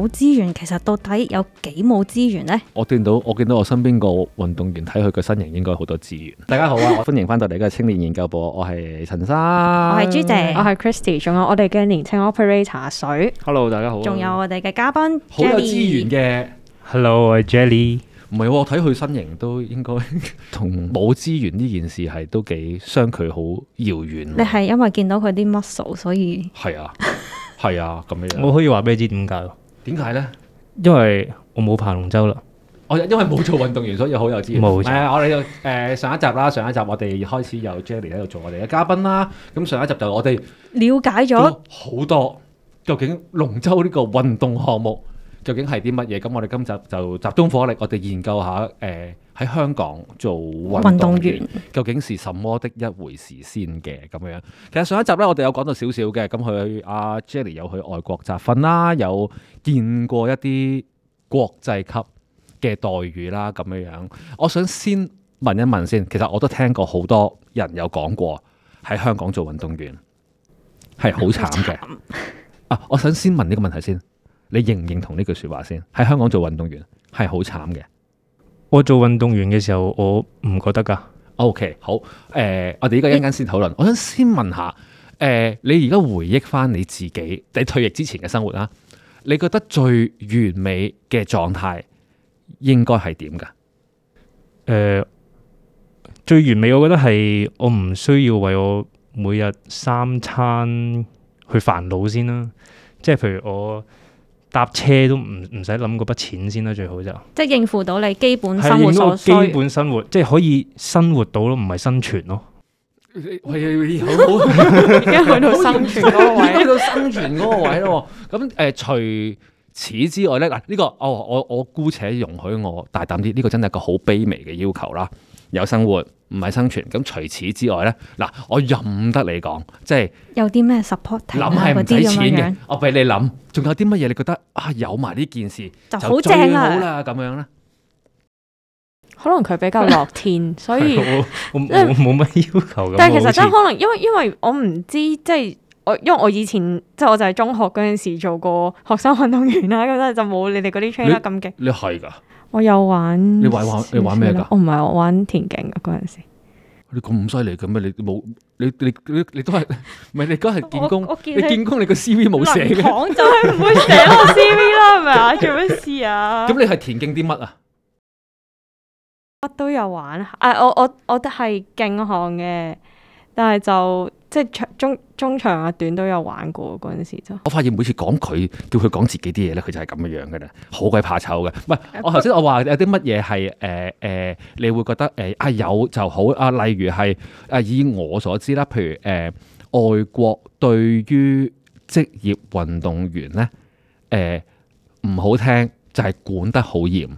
冇資源，其實到底有幾冇資源呢？我見到我見到我身邊個運動員，睇佢個身形應該好多資源。大家好啊，我 歡迎翻到嚟嘅青年研究部，我係陳生，我係朱姐，嗯、我係 Christy，仲有我哋嘅年輕 operator 阿水。Hello，大家好。仲有我哋嘅嘉賓，好有資源嘅。 Hello，Jelly、啊、我。唔係喎，我睇佢身形都應該同冇資源呢件事係都幾相距好遙遠。你係因為見到佢啲 muscle 所以，係啊係啊咁樣。 我可以話俾你知點解點解呢？因為我冇爬龍舟啦，我因為冇做運動員，所以好有經驗。冇錯，我哋誒上一集啦，上一集我哋開始有 Jelly 喺度做我哋嘅嘉賓啦。咁上一集就我哋了解咗好多，究竟龍舟呢個運動項目。究竟係啲乜嘢？咁我哋今集就集中火力，我哋研究下，誒、呃、喺香港做運動員，運動員究竟是什麼的一回事先嘅咁樣。其實上一集呢，我哋有講到少少嘅，咁佢阿 Jelly 有去外國集訓啦，有見過一啲國際級嘅待遇啦，咁樣樣。我想先問一問先，其實我都聽過好多人有講過喺香港做運動員係好慘嘅。慘啊，我想先問呢個問題先。你認唔認同呢句說話先？喺香港做運動員係好慘嘅。慘，我做運動員嘅時候，我唔覺得噶。O、okay, K，好。誒、呃，我哋呢個一陣間先討論。嗯、我想先問下，誒、呃，你而家回憶翻你自己，你退役之前嘅生活啦，你覺得最完美嘅狀態應該係點噶？誒、呃，最完美，我覺得係我唔需要為我每日三餐去煩惱先啦。即係譬如我。搭車都唔唔使諗嗰筆錢先啦，最好就即係應付到你基本生活所需，基本生活以即係可以生活到咯，唔係生存咯。係啊，已經去到生存嗰個位，去 到生存嗰個位咯。咁誒、 嗯，除此之外咧，嗱、呢、呢個我我我姑且容許我大膽啲，呢、呢個真係一個好卑微嘅要求啦。有生活唔係生存，咁除此之外咧，嗱，我任得你講，即係有啲咩 support 諗係唔使錢嘅，我俾你諗，仲有啲乜嘢你覺得啊有埋呢件事就好正啦，咁樣咧， 可能佢比較樂天，所以 我冇乜 要求咁。 但係其實真係可能，因為因為我唔知，即係我因為我以前即係我就係中學嗰陣時做過學生運動員啊，咁樣就冇你哋嗰啲 train 得咁勁。你係噶？我有玩，玩。你玩玩你玩咩㗎？我唔係，我玩田徑㗎嗰陣時。你。你咁犀利㗎咩？你冇你你你都係，唔係你都係見工。 你見工你個 CV 冇寫咩？廣州唔會寫我個 CV 啦，係咪啊？做咩事啊？咁 你係田徑啲乜啊？乜 都有玩啊！我我我都係競項嘅，但係就。即係長中中長啊短都有玩過，嗰陣時就。我發現每次講佢叫佢講自己啲嘢咧，佢就係咁嘅樣噶啦，好鬼怕醜嘅。唔係，我頭先我話有啲乜嘢係誒誒，你會覺得誒啊、呃、有就好啊、呃，例如係誒、呃、以我所知啦，譬如誒、呃、外國對於職業運動員咧誒唔好聽就係、係、管得好嚴。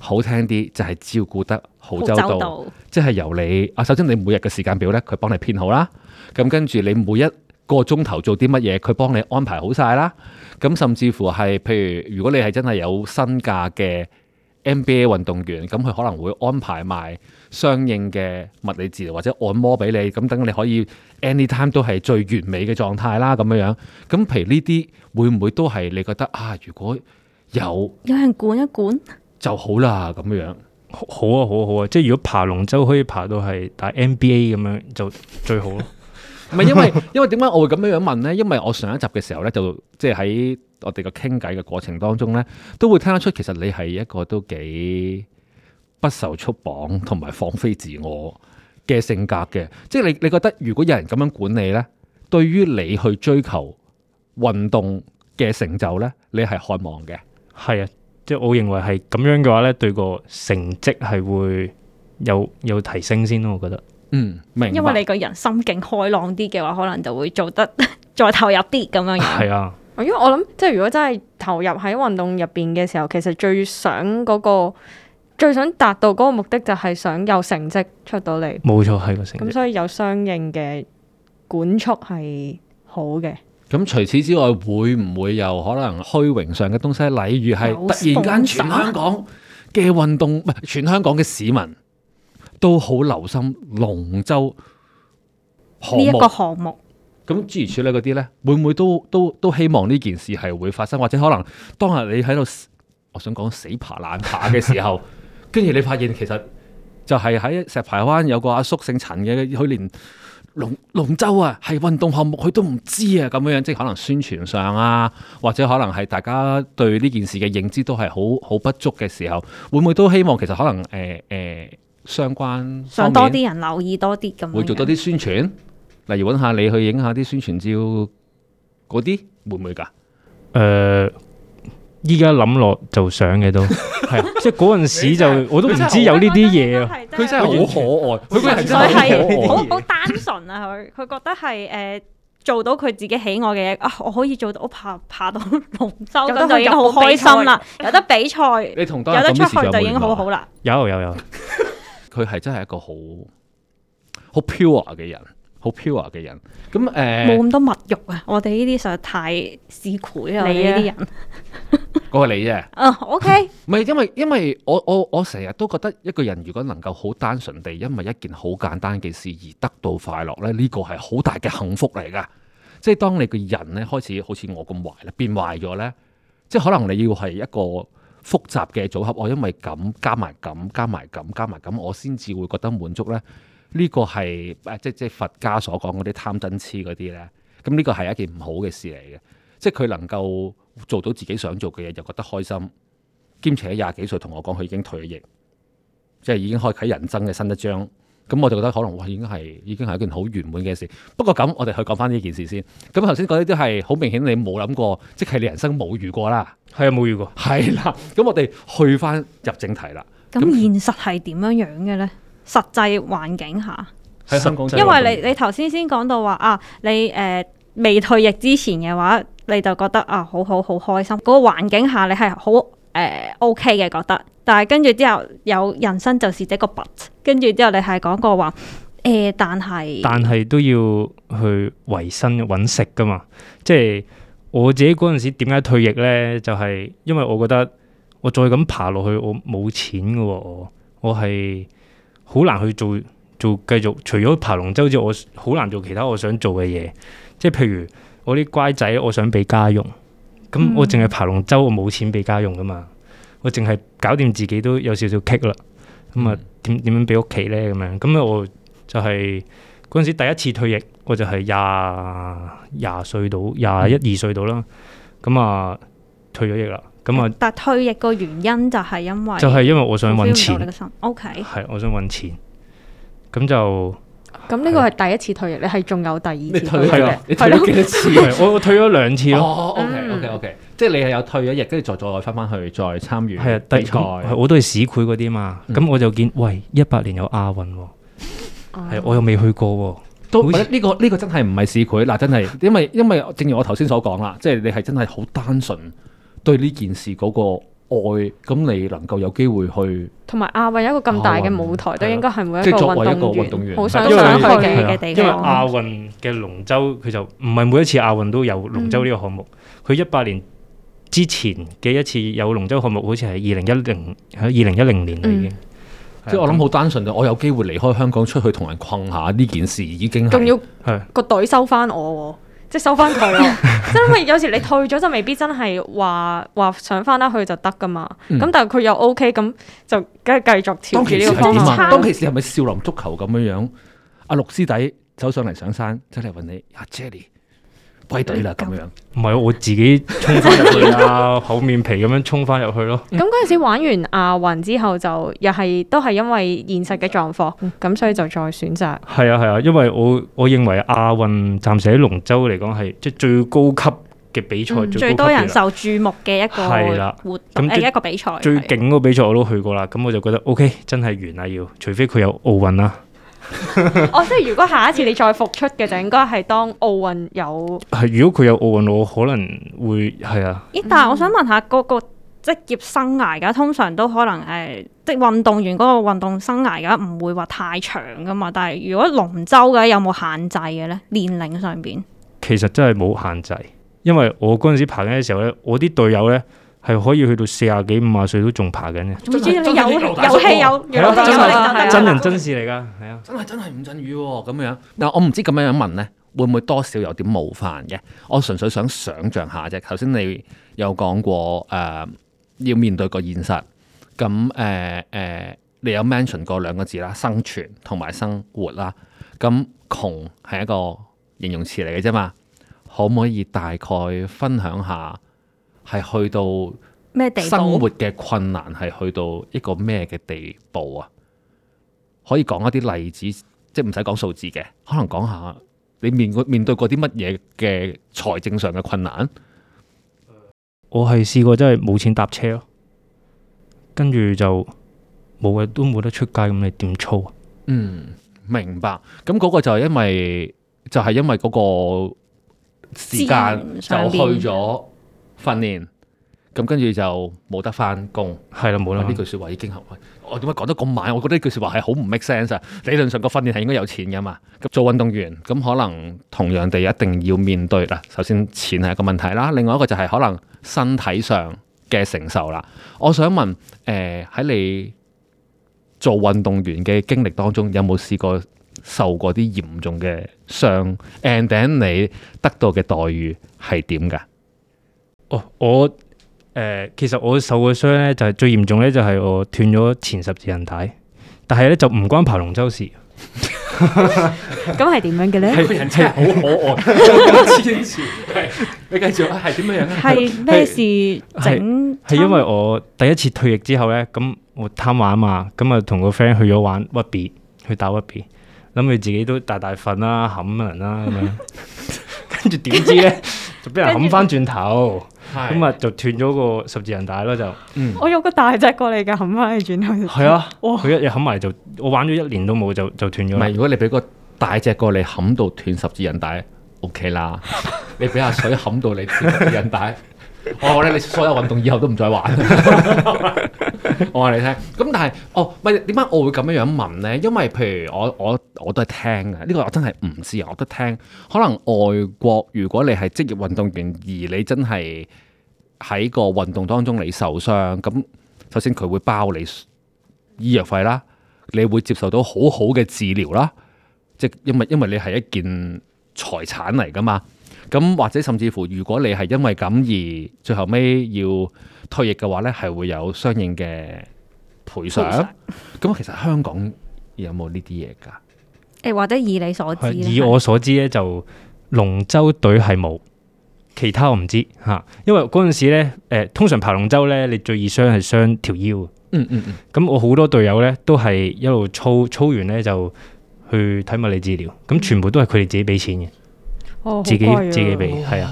好聽啲就係、是、照顧得好周到，周到即係由你啊。首先，你每日嘅時間表咧，佢幫你編好啦。咁跟住你每一個鐘頭做啲乜嘢，佢幫你安排好晒啦。咁甚至乎係譬如，如果你係真係有身價嘅 NBA 運動員，咁佢可能會安排埋相應嘅物理治療或者按摩俾你，咁等你可以 anytime 都係最完美嘅狀態啦。咁樣樣咁，譬如呢啲會唔會都係你覺得啊？如果有有人管一管。就好啦咁樣，好啊，好好啊！即係如果爬龍舟可以爬到係打 NBA 咁樣，就最好咯。唔係 因為，因為點解我會咁樣樣問咧？因為我上一集嘅時候咧，就即係喺我哋個傾偈嘅過程當中咧，都會聽得出其實你係一個都幾不受束綁同埋放飛自我嘅性格嘅。即係你你覺得如果有人咁樣管你咧，對於你去追求運動嘅成就咧，你係渴望嘅？係啊。即我認為係咁樣嘅話呢，對個成績係會有有提升先咯，我覺得。嗯，明。因為你個人心境開朗啲嘅話，可能就會做得 再投入啲咁樣。係啊。因為我諗，即係如果真係投入喺運動入邊嘅時候，其實最想嗰、嗰個、最想達到嗰個目的，就係想有成績出到嚟。冇錯，係個成績。咁所以有相應嘅管束係好嘅。咁除此之外，會唔會有可能虛榮上嘅東西？例如係突然間全香港嘅運動，唔係 全香港嘅市民都好留心龍舟項目。項目咁諸如此類嗰啲呢，會唔會都都都希望呢件事係會發生？或者可能當日你喺度，我想講死爬爛爬嘅時候，跟住 你發現其實就係喺石排灣有個阿叔姓陳嘅，佢連，龍龍舟啊，係運動項目，佢都唔知啊，咁樣樣，即係可能宣傳上啊，或者可能係大家對呢件事嘅認知都係好好不足嘅時候，會唔會都希望其實可能誒誒、呃呃、相關想多啲人留意多啲咁樣，會做多啲宣傳，嗯、例如搵下你去影下啲宣傳照嗰啲，會唔會㗎？誒、呃。依家諗落就想嘅都係，即係嗰陣時就我都唔知有呢啲嘢啊！佢真係好可愛，佢個人真係好好單純啊！佢佢覺得係誒做到佢自己喜愛嘅嘢啊！我可以做到，我爬爬到龍舟嗰度已經好開心啦！有得比賽，你同有得出去就已經好好啦！有有有，佢係真係一個好好 pure 嘅人。好 pure 嘅人，咁誒冇咁多物欲。啊！我哋呢啲實在太市儈啦！你呢啲人，嗰個係你啫的。嗯、 uh,，OK。唔係因為因為我我我成日都覺得一個人如果能夠好單純地因為一件好簡單嘅事而得到快樂咧，呢個係好大嘅幸福嚟噶。即係當你嘅人咧開始好似我咁壞啦，變壞咗咧，即係可能你要係一個複雜嘅組合，我因為咁加埋咁加埋咁加埋咁，我先至會覺得滿足咧。呢個係誒，即即佛家所講嗰啲貪嗔痴嗰啲咧。咁呢個係一件唔好嘅事嚟嘅。即係佢能夠做到自己想做嘅嘢，又覺得開心。兼且廿幾歲同我講，佢已經退咗役，即係已經開啟人生嘅新一章。咁我就覺得可能哇，已經係已經係一件好圓滿嘅事。不過咁，我哋去講翻呢件事先。咁頭先嗰啲都係好明顯，你冇諗過，即係你人生冇遇過啦。係啊，冇遇過。係啦。 咁我哋去翻入正題啦。咁現實係點樣樣嘅咧？實際環境下，實因為你你頭先先講到話啊，你誒未、呃、退役之前嘅話，你就覺得啊、呃，好好好開心。嗰、那個環境下你係好誒 OK 嘅，覺得。但係跟住之後，有人生就是這個 but，跟住之後你係講過話誒、呃，但係但係都要去維生搵食噶嘛。即係我自己嗰陣時點解退役呢？就係、是、因為我覺得我再咁爬落去，我冇錢噶、哦，我我係。好難去做做繼續，除咗爬龍舟之外，我好難做其他我想做嘅嘢。即係譬如我啲乖仔，我想俾家用，咁、嗯、我淨係爬龍舟，我冇錢俾家用噶嘛。我淨係搞掂自己都有少少棘啦。咁啊，點點樣俾屋企咧？咁樣咁啊，我就係嗰陣時第一次退役，我就係廿廿歲到廿一二歲到啦。咁啊，退咗役啦。咁啊！但退役個原因就係因為就係因為我想揾錢。O K，係我想揾錢。咁就咁呢個係第一次退役，你係仲有第二次退役你退？你退咗幾多次？ 我退咗兩次咯。O K，O K，O K，即係你係有退咗役，跟住再再翻翻去再參與。係啊，低個、嗯、我都係市會嗰啲嘛。咁、嗯、我就見喂，一百年有亞運、哦，係、嗯、我又未去過、哦。都呢像、這個呢、這個真係唔係市會嗱，真係因為因為正如我頭先所講啦，即係你係真係好單純。對呢件事嗰個愛，咁你能夠有機會去，同埋亞運有一個咁大嘅舞台，都應該係每一個運動員好想去嘅地方。因為亞運嘅龍舟，佢就唔係每一次亞運都有龍舟呢個項目。佢一八年之前嘅一次有龍舟項目，好似係二零一零喺二零一零年啦已經。即係我諗好單純，就我有機會離開香港出去同人困下呢件事，已經仲要係個隊收翻我。即係收翻佢咯，因為 有時你退咗就未必真係話話上翻啦去就得噶嘛，咁但係佢又 OK，咁就梗係繼續跳住呢個方向。當其時係點啊？當其時係咪少林足球咁樣樣？阿六師弟走上嚟上山，真係問你阿 Jelly。歸隊啦，咁樣，唔係我自己衝翻入去啊，厚 面皮咁樣衝翻入去咯。咁嗰陣時玩完亞運之後，就又係都係因爲現實嘅狀況，咁、嗯、所以就再選擇。係啊係啊，因爲我我認爲亞運暫時喺龍舟嚟講係即係最高級嘅比賽，嗯嗯，最多人受注目嘅一個係啦活動，啊、一個比賽。啊、最勁個比賽我都去過啦，咁我就覺得 O、OK, K，真係完啦，要除非佢有奧運啦。 哦，即係如果下一次你再復出嘅就應該係當奧運有係，如果佢有奧運，我可能會係啊。咦、欸，但係我想問下嗰個職業生涯㗎，通常都可能誒、呃，即係運動員嗰個運動生涯㗎唔會話太長噶嘛。但係如果龍舟嘅有冇限制嘅咧年齡上邊？其實真係冇限制，因為我嗰陣時扒緊嘅時候咧，我啲隊友咧。係可以去到四啊幾五力啊歲都仲爬緊咧，咁真係有有戲有，真人真事嚟噶，係啊，啊真係真係伍振宇喎，咁、啊哦、樣。嗱，我唔知咁樣樣問咧，會唔會多少有點冒犯嘅？我純粹想想象下啫。頭先你有講過誒、呃，要面對個現實，咁誒誒，你有 mention 過兩個字啦，生存同埋生活啦。咁、嗯、窮係一個形容詞嚟嘅啫嘛，可唔可以大概分享下？係去到咩地生活嘅困難，係去到一個咩嘅地步啊？可以講一啲例子，即係唔使講數字嘅，可能講下你面面對過啲乜嘢嘅財政上嘅困難。我係試過真係冇錢搭車咯，跟住就冇嘅，都冇得出街，咁你點操啊？嗯，明白。咁嗰個就係因為，就係、是、因為嗰個時間就去咗。訓練咁跟住就冇得翻工，係啦冇啦。呢句說話已經行。我點解講得咁慢？我覺得呢句說話係好唔 make sense。理論上個訓練係應該有錢噶嘛。咁做運動員咁可能同樣地一定要面對啦，首先錢係個問題啦。另外一個就係可能身體上嘅承受啦。我想問誒，喺、呃、你做運動員嘅經歷當中，有冇試過受過啲嚴重嘅傷？And then 你得到嘅待遇係點噶？哦，我誒、oh, 呃，其實我受嘅傷咧，嚴就係最嚴重咧，就係我斷咗前十字韌帶，但係咧就唔關爬龍舟事。咁係點樣嘅咧？係個人真係好可愛，千千詞。你繼續啊，係點樣樣咧？係咩事？整？係因為我第一次退役之後咧，咁、嗯、我貪玩啊嘛，咁啊同個 friend 去咗玩 wubi，去打 wubi，諗住自己都大大份啦、啊，冚人啦咁樣。 跟住點知咧， 著就俾人冚翻轉頭，咁啊是就斷咗個十字韌帶咯就。嗯、我用個大隻過嚟㗎，冚翻你轉頭。係啊，佢哇一嘢冚埋就，我玩咗一年都冇就就斷咗。唔係，如果你俾個大隻過嚟冚到斷十字韌帶，OK 啦。 你俾阿水冚到你斷韌帶，我覺得你所有運動以後都唔再玩。 我話你聽，咁但係，哦，唔係點解我會咁樣樣問呢？因為譬如我我我，我都係聽嘅，呢、這個我真係唔知啊，我都聽。可能外國如果你係職業運動員，而你真係喺個運動當中你受傷，咁首先佢會包你醫藥費啦，你會接受到好好嘅治療啦，即因為因為你係一件。財產嚟噶嘛？咁或者甚至乎，如果你係因為咁而最後尾要退役嘅話，呢係會有相應嘅賠償。咁償其實香港有冇呢啲嘢噶？誒，或者以你所知，以我所知呢，就龍舟隊係冇，其他我唔知嚇。因為嗰陣時咧，通常爬龍舟呢，你最易傷係傷條腰。嗯嗯嗯。咁我好多隊友呢，都係一路操操完呢就，去睇物理治療，咁全部都係佢哋自己俾錢嘅，自己自己俾，係啊！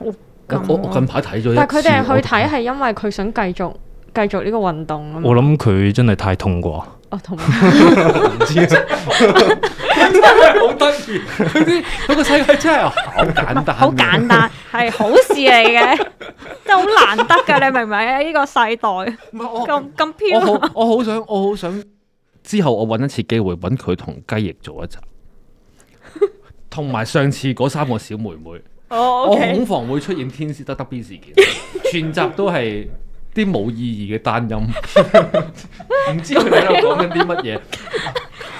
我近排睇咗，但係佢哋去睇係因為佢想繼續繼續呢個運動啊！我諗佢真係太痛啩，我痛知好得意，嗰個世界真係好簡單，好簡單係好事嚟嘅，真係好難得㗎，你明唔明？呢個世代咁咁偏，我好想，我好想。之後我揾一次機會揾佢同雞翼做一集，同埋上次嗰三個小妹妹， 我恐防會出現天使得 B 事件，全集都係啲冇意義嘅單音，唔 知佢哋喺度講緊啲乜嘢。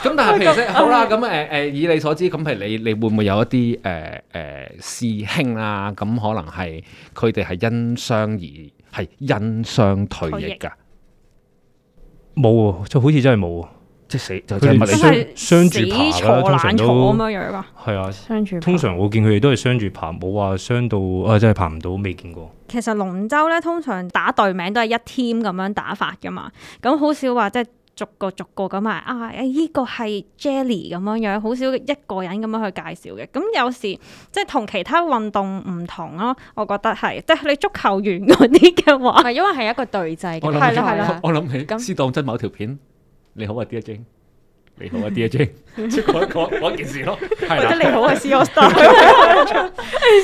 咁 但係其實好啦，咁誒誒，以你所知，咁譬如你你會唔會有一啲誒誒師兄啊？咁可能係佢哋係因傷而係因傷退役噶，冇就好似真係冇。即係死就真係，佢係雙住爬啦，坐，通常都咁樣樣噶。係啊，雙住。通常我見佢哋都係雙住爬，冇話傷到啊，真係爬唔到，未見過。其實龍舟咧，通常打隊名都係一 team 咁樣打法噶嘛，咁好少話即係逐個逐個咁啊！啊，依個係 Jelly 咁樣樣，好少一個人咁樣去介紹嘅。咁有時即係同其他運動唔同咯，我覺得係，即係你足球員嗰啲嘅話，因為係一個隊制係咯係咯。我諗起私藏真某條片。你好啊，D. J. 你好啊，D. J. 即係講件事咯，或者你好啊，C. O. Star。誒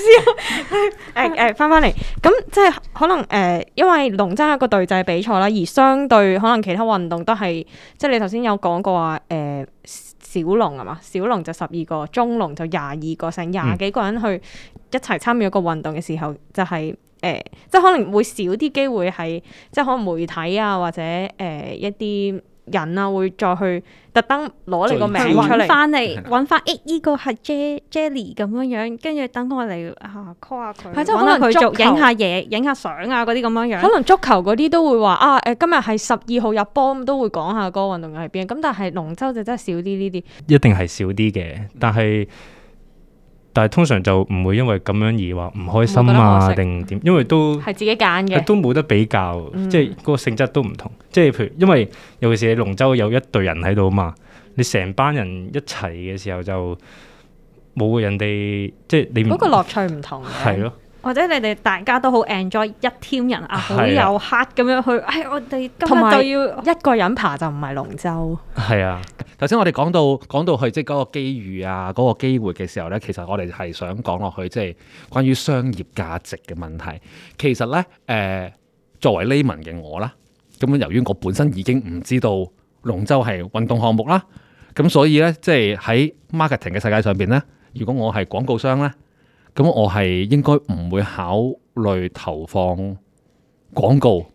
，C. 誒誒，翻翻嚟咁，即係可能誒、呃，因為龍舟係一個隊制比賽啦，而相對可能其他運動都係，即係你頭先有講過話誒、呃，小龍啊嘛？小龍就十二個，中龍就廿二個，成廿幾個人去一齊參與一個運動嘅時候，就係、是、誒、呃，即係可能會少啲機會係，即係可能媒體啊或者誒、呃、一啲。人啊，會再去特登攞你個名出嚟，翻嚟搵翻誒、呢個係 Jelly 咁樣樣，跟住等我嚟、啊、下 call 下佢，可能佢做影下嘢，影下相啊嗰啲咁樣樣。可能足球嗰啲都會話啊，誒、呃，今日係十二號入波，都會講下個運動員喺邊。咁但係龍舟就真係少啲呢啲，一定係少啲嘅，但係。但係通常就唔會因為咁樣而話唔開心啊，定點，因為都係自己揀嘅，都冇得比較，嗯、即係嗰個性質都唔同。即係譬如，因為尤其是你龍舟有一隊人喺度嘛，你成班人一齊嘅時候就冇人哋，即係你嗰個樂趣唔同。係咯。或者你哋大家都好 enjoy 一 team 人啊，好有 heart 咁樣去，哎，我哋今日有就要一個人爬就唔係龍舟。係啊，頭先我哋講到講到去即係個機遇啊，嗰、嗰個機會嘅時候咧，其實我哋係想講落去即係、就是、關於商業價值嘅問題。其實咧，誒、呃、作為 layman 嘅我啦，咁樣由於我本身已經唔知道龍舟係運動項目啦，咁所以咧即係喺 marketing 嘅世界上邊咧，如果我係廣告商咧。咁我係應該唔會考慮投放廣告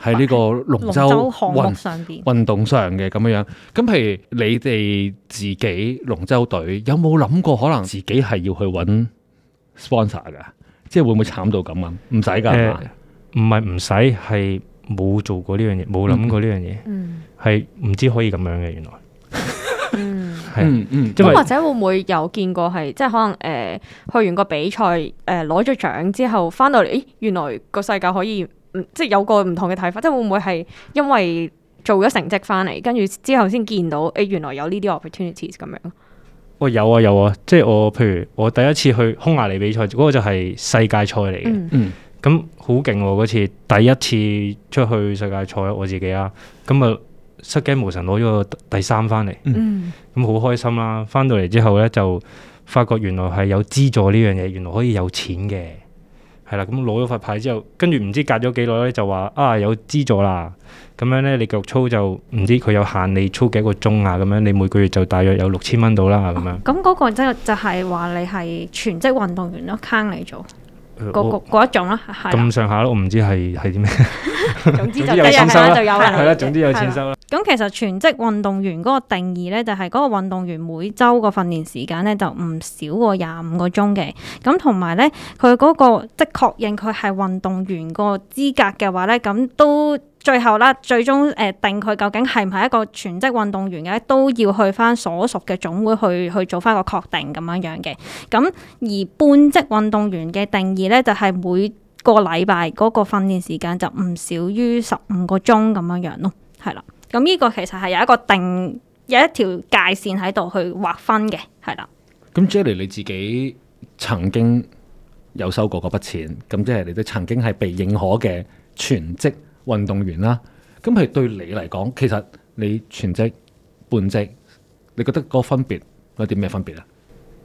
喺呢個龍舟項目上運動上嘅咁樣樣。咁譬如你哋自己龍舟隊有冇諗過可能自己係要去揾 sponsor 噶？即係會唔會慘到咁呀？唔使噶，唔係唔使係冇做過呢樣嘢，冇諗過呢樣嘢，係唔、嗯、知可以咁樣嘅原來。嗯嗯嗯，咁、嗯、或者會唔會有見過係即係可能誒、呃、去完個比賽誒攞咗獎之後翻到嚟，咦原來個世界可以、嗯、即係有個唔同嘅睇法，即係會唔會係因為做咗成績翻嚟，跟住之後先見到誒、欸、原來有呢啲 opportunities 咁樣？我、哦、有啊有啊，即係我譬如我第一次去匈牙利比賽嗰、嗰個就係世界賽嚟嘅，嗯，咁好勁嗰次第一次出去世界賽我自己啦，咁啊。失驚無神攞咗個第三翻嚟，咁好、嗯、開心啦！翻到嚟之後呢，就發覺原來係有資助呢樣嘢，原來可以有錢嘅，係啦。咁攞咗塊牌之後，跟住唔知隔咗幾耐呢，就話啊有資助啦！咁樣呢，你局操就唔知佢有限你操幾個鐘啊？咁樣你每個月就大約有六千蚊到啦咁樣。咁嗰、哦、個即就係話你係全職運動員咯，坑你做。嗰嗰嗰一種啦，咁我的上下咯，我唔知係係啲咩？ 總之就有錢收係啦， 總之有錢收啦。咁 其實全職運動員嗰個定義咧，就係嗰個運動員每週個訓練時間咧，就唔少過廿五個鐘嘅。咁同埋咧，佢嗰個即係確認佢係運動員個資格嘅話咧，咁都。最後啦，最終誒，定佢究竟係唔係一個全職運動員嘅，都要去返所屬嘅總會去去做返個確定咁樣樣嘅。咁而半職運動員嘅定義呢，就係每個禮拜嗰個訓練時間就唔少於十五個鐘咁樣樣咯，係啦。咁呢個其實係有一個定有一條界線喺度去劃分嘅，係啦。咁、嗯、Jelly 你自己曾經有收過嗰筆錢，咁即係你都曾經係被認可嘅全職。運動員啦，咁係對你嚟講，其實你全職、半職，你覺得嗰個分別有啲咩分別啊？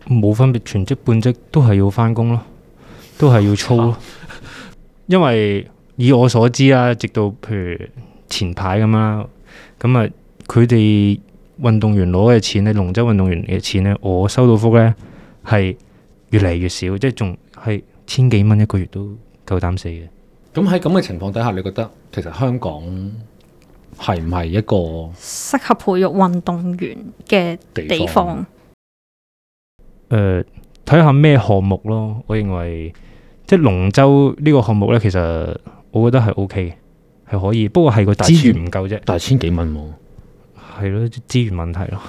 冇分別，全職半職都係要翻工咯，都係要操咯。 因為以我所知啦，直到譬如前排咁啦，咁啊佢哋運動員攞嘅錢咧，龍舟運動員嘅錢咧，我收到風咧，係越嚟越少，即係仲係千幾蚊一個月都夠膽死嘅。咁喺咁嘅情況底下，你覺得其實香港係唔係一個適合培育運動員嘅地方？誒、呃，睇下咩項目咯。我認為即係龍舟呢個項目呢，其實我覺得係 OK 嘅，係可以。不過係個資源唔夠啫，但係千幾蚊喎，係咯，資源問題咯。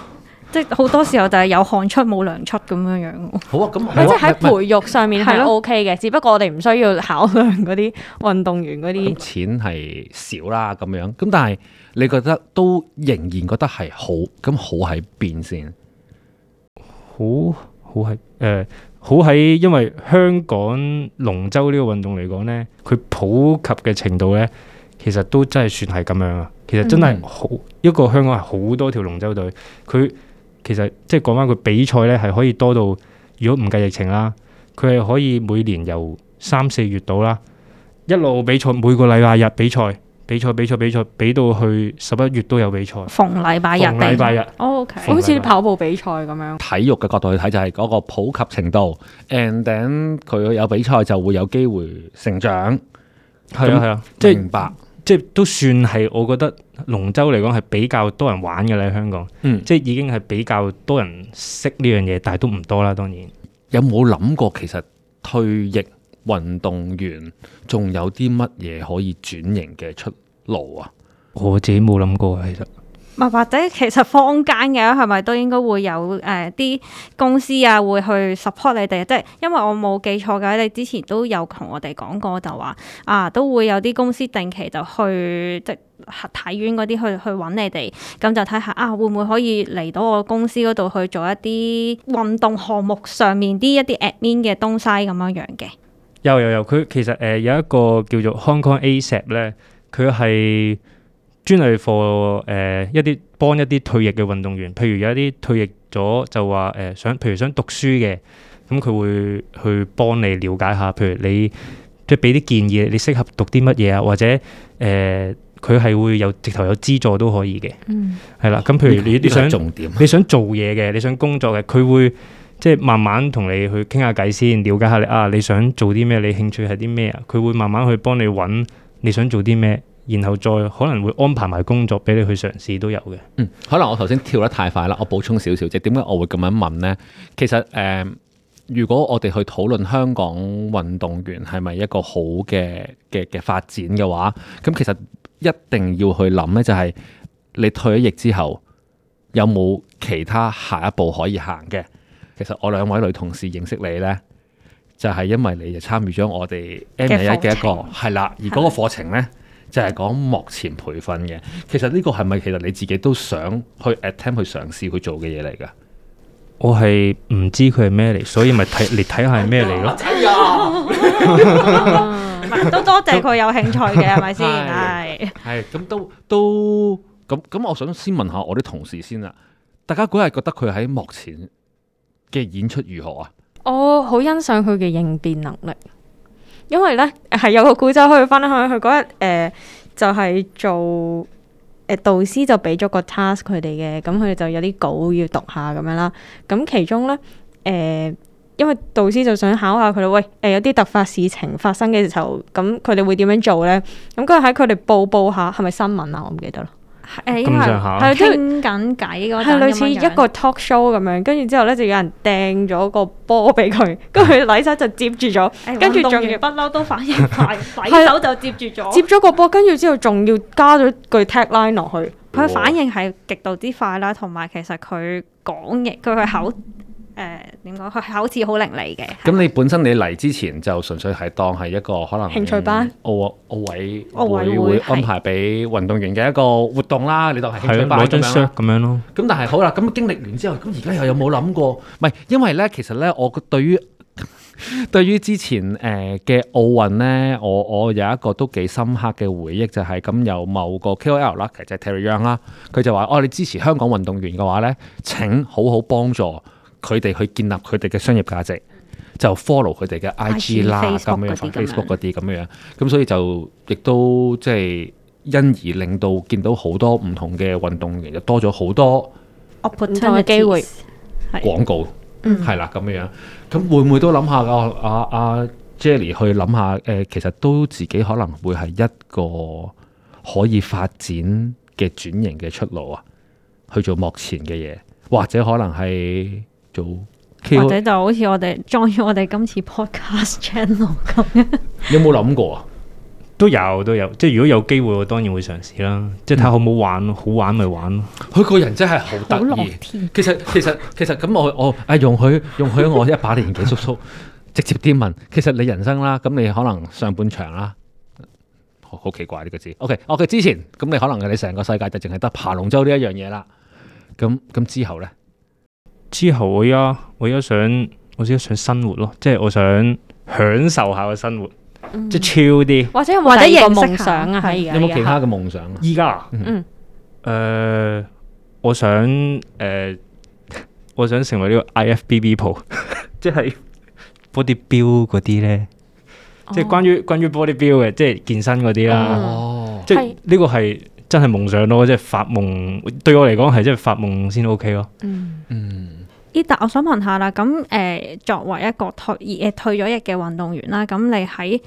即好多時候就係有汗出冇糧出咁樣樣喎。好啊，咁即係喺培育上面係 OK 嘅，不不不只不過我哋唔需要考量嗰啲運動員嗰啲。咁錢係少啦咁樣，咁但係你覺得都仍然覺得係好，咁好喺邊先？好、呃、好喺誒好喺，因為香港龍舟呢個運動嚟講呢，佢普及嘅程度呢，其實都真係算係咁樣啊。其實真係好、嗯、一個香港係好多條龍舟隊，佢。其實即係講翻佢比賽咧，係可以多到，如果唔計疫情啦，佢係可以每年由三四月到啦，一路比賽，每個禮拜日比賽，比賽，比賽，比賽，比到去十一月都有比賽，逢禮拜日，逢禮拜日，哦，okay，好似跑步比賽咁樣。體育嘅角度去睇就係嗰個普及程度，and then 佢有比賽就會有機會成長，係啊係啊，即係明白。即係都算係，我覺得龍舟嚟講，係比較多人玩嘅咧，香港。嗯，即係已經係比較多人識呢樣嘢，但係都唔多啦，當然。有冇諗過，其實退役運動員仲有啲乜嘢可以轉型嘅出路啊？我自己冇諗過啊，其實。唔，或者其實坊間嘅係咪都應該會有誒啲、呃、公司啊，會去 support 你哋，即係因為我冇記錯嘅，你之前都有同我哋講過，就話啊都會有啲公司定期就去即係體院嗰啲去去揾你哋，咁就睇下啊會唔會可以嚟到我公司嗰度去做一啲運動項目上面啲一啲 admin 嘅東西咁樣樣嘅。有有有，佢其實誒有一個叫做 Hong Kong ASAP 咧，佢係。專係幫誒一啲幫一啲退役嘅運動員，譬如有啲退役咗就話誒、呃、想，譬如想讀書嘅，咁佢會去幫你了解下，譬如你即係俾啲建議，你適合讀啲乜嘢啊？或者誒，佢、呃、係會有直頭有資助都可以嘅。嗯，係啦，咁譬如你你想重點你想做嘢嘅，你想工作嘅，佢會即係慢慢同你去傾下偈先，了解下你啊你想做啲咩？你興趣係啲咩啊？佢會慢慢去幫你揾你想做啲咩。然後再可能會安排埋工作俾你去嘗試都有嘅。嗯，可能我頭先跳得太快啦，我補充少少啫。點解我會咁樣問呢？其實誒、呃，如果我哋去討論香港運動員係咪一個好嘅嘅嘅發展嘅話，咁其實一定要去諗呢，就係你退咗役之後有冇其他下一步可以行嘅？其實我兩位女同事認識你呢，就係、是、因為你就參與咗我哋 M 零一嘅一個係啦，而嗰個課程呢。就係講幕前培訓嘅，其實呢個係咪其實你自己都想去 attempt 去嘗試去做嘅嘢嚟㗎？我係唔知佢係咩嚟，所以咪睇 你睇下係咩嚟咯。都多謝佢有興趣嘅，係咪先？係係咁，都都咁咁，我想先問下我啲同事先啦。大家嗰日覺得佢喺幕前嘅演出如何啊？我好欣賞佢嘅應變能力。因為咧，係有個古仔可以分享，佢嗰日誒就係、是、做誒、呃、導師就俾咗個 task 佢哋嘅，咁佢哋就有啲稿要讀下咁樣啦。咁其中咧誒、呃，因為導師就想考下佢哋：「喂誒、呃、有啲突發事情發生嘅時候，咁佢哋會點樣做咧？」咁嗰日喺佢哋報報下係咪新聞啊？我唔記得啦。誒，因為係傾緊偈嗰，係對類似一個 talk show 咁樣。跟住之後咧，就有人掟咗個波俾佢，跟住佢第一就接住咗。跟住仲要運動員不嬲都反應快，第 手就接住咗，接咗個波。跟住之後仲要加咗句 tag line 落去，佢、哦、反應係極度之快啦。同埋其實佢講嘢，佢嘅口。嗯誒，點講、呃？佢好似好伶俐嘅。咁你本身你嚟之前就純粹係當係一個可能興趣班。奧奧委奧委會安排俾運動員嘅一個活動啦，你當係興趣班咁對樣。係咁咯。咁但係好啦，咁經歷完之後，咁而家又有冇諗過？唔係， 因為咧，其實咧，我對於 對於之前誒嘅奧運咧，我我有一個都幾深刻嘅回憶，就係、是、咁有某個 KOL 啦，其實係 Terry Young 啦，佢就話：哦，你支持香港運動員嘅話咧，請好好幫助。佢哋去建立佢哋嘅商業價值，就 follow 佢哋嘅 IG 啦、啊，咁樣 Facebook 嗰啲咁樣樣，咁所以就亦都即係、就是、因而令到見到好多唔同嘅運動員，就多咗好多嘅機會，機會是廣告，嗯，係啦咁樣樣，咁會唔會都諗下啊啊啊 Jelly 去諗下，誒、啊啊啊啊呃、其實都自己可能會係一個可以發展嘅轉型嘅出路啊，去做幕前嘅嘢，或者可能係。做或者就好似我哋 join 咗我哋今次 podcast channel 咁樣， 有冇諗過啊？都有都有，即係如果有機會，我當然會嘗試啦。即係睇下好唔好玩好玩咪玩咯。佢、嗯、個人真係好得意，其實其實其實咁我我阿容許，容許我一把年紀叔叔 直接啲問，其實你人生啦，咁你可能上半場啦， 好奇怪呢、這個字。OK，o、okay, okay, k 之前咁，你可能你成個世界就淨係得爬龍舟呢一樣嘢啦。咁咁之後咧？之後我而家我而家想我而家想生活咯，即係我想享受下個生活，嗯、即係超啲或者或者嘅夢想啊，嗯、有冇其他嘅夢想啊？依家，啊、嗯誒、呃，我想誒、呃，我想成為呢個 IFBB Pro， 即係 body build 嗰啲咧？哦、即係關於關於 body build 嘅，即係健身嗰啲啦。哦，哦即係呢個係真係夢想咯，即係發夢對我嚟講係即係發夢先 OK 咯。嗯。咦，但我想問下啦，咁誒作為一個退誒、呃、退咗役嘅運動員啦，咁你喺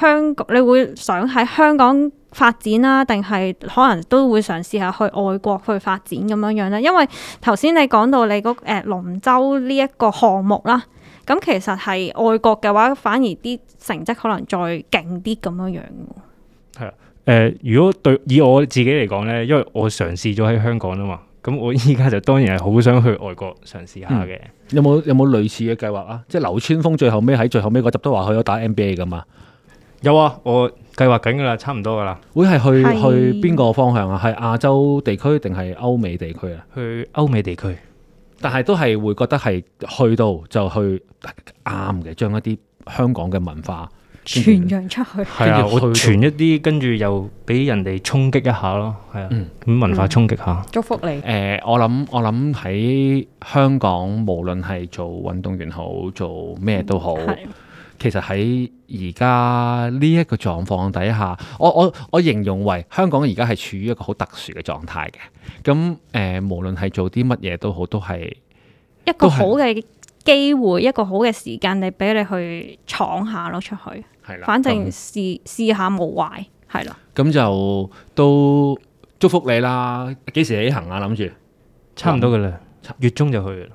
香港，你會想喺香港發展啦，定係可能都會嘗試下去外國去發展咁樣樣咧？因為頭先你講到你嗰誒龍舟呢一個項目啦，咁其實係外國嘅話，反而啲成績可能再勁啲咁樣樣。係啊，誒、呃、如果對以我自己嚟講咧，因為我嘗試咗喺香港啊嘛。咁我依家就當然係好想去外國嘗試下嘅、嗯。有冇有冇類似嘅計劃啊？即係流川楓最後尾喺最後尾嗰集都話佢有打 NBA 㗎嘛？有啊，我計劃緊㗎喇，差唔多㗎喇。會係去是去邊個方向啊？係亞洲地區定係歐美地區啊？去歐美地區，但係都係會覺得係去到就去啱嘅，將一啲香港嘅文化，傳揚出去，係傳一啲，跟住又俾人哋衝擊一下咯，係啊、嗯！咁文化衝擊下、嗯，祝福你。誒、呃，我諗我諗喺香港，無論係做運動員好，做咩都好，嗯、其實喺而家呢一個狀況底下，我我我形容為香港而家係處於一個好特殊嘅狀態嘅。咁誒、呃，無論係做啲乜嘢都好，都係一個好嘅機會是一，一個好嘅時間嚟俾你去闖下咯，出去。係啦，反正試試下冇壞，係咯。咁就都祝福你啦。幾時起行啊？諗住差唔多噶啦，月中就去。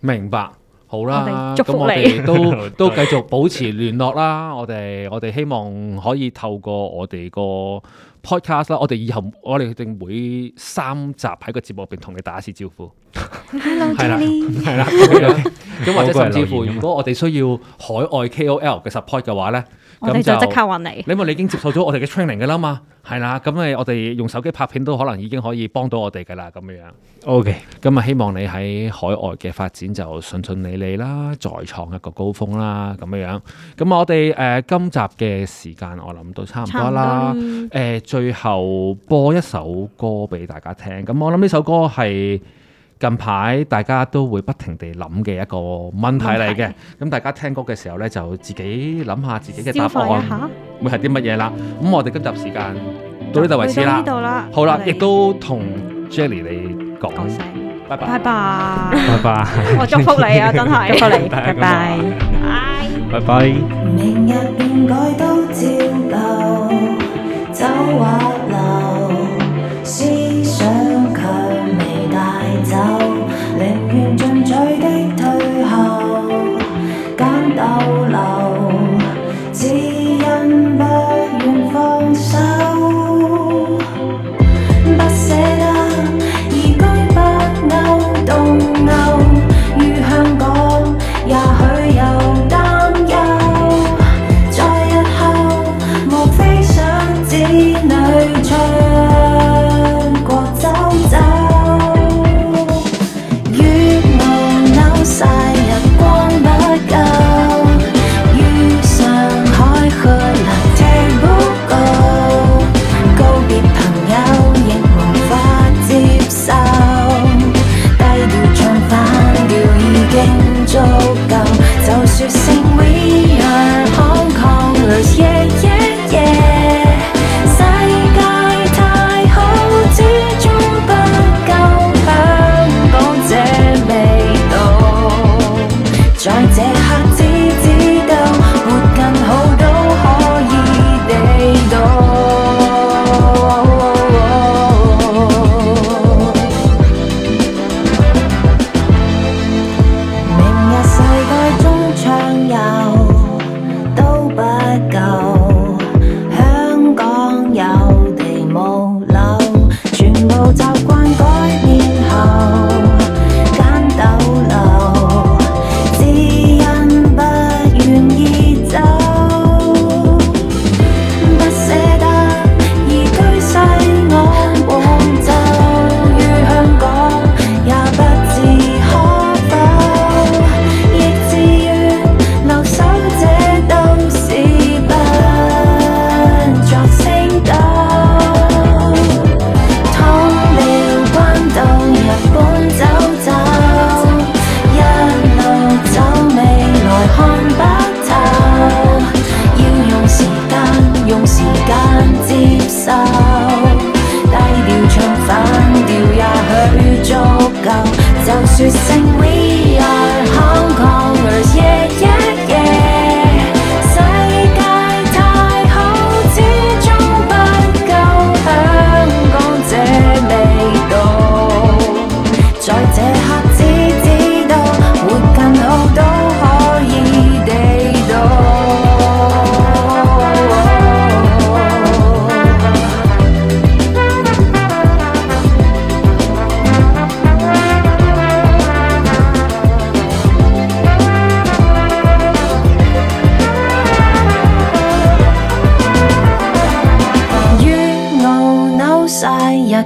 明白，好啦，祝福你，都都繼續保持聯絡啦。我哋我哋希望可以透過我哋個 podcast 啦。我哋以後我哋決定每三集喺個節目入邊同你打一次招呼。係啦，係啦，咁或者甚至乎，如果我哋需要海外 KOL 嘅 support 嘅話咧。我哋就即刻揾你。你因為你已經接受咗我哋嘅 training 嘅啦嘛，係啦， 咁咪我哋用手機拍片都可能已經可以幫到我哋嘅啦，咁樣樣。OK，咁啊希望你喺海外嘅發展就順順利利啦，再創一個高峰啦咁樣樣。咁我哋誒、呃、今集嘅時間我諗到差唔多啦。誒、呃、最後播一首歌俾大家聽。咁我諗呢首歌係，近排大家都會不停地諗嘅一個問題嚟嘅，咁大家聽歌嘅時候咧，就自己諗下自己嘅答案，會係啲乜嘢啦？咁我哋今集時間到呢度為止啦，到呢度啦，好啦，亦都同 Jelly 你講，拜拜，拜拜，拜拜，我祝福你啊，真係祝福你，拜拜，拜拜。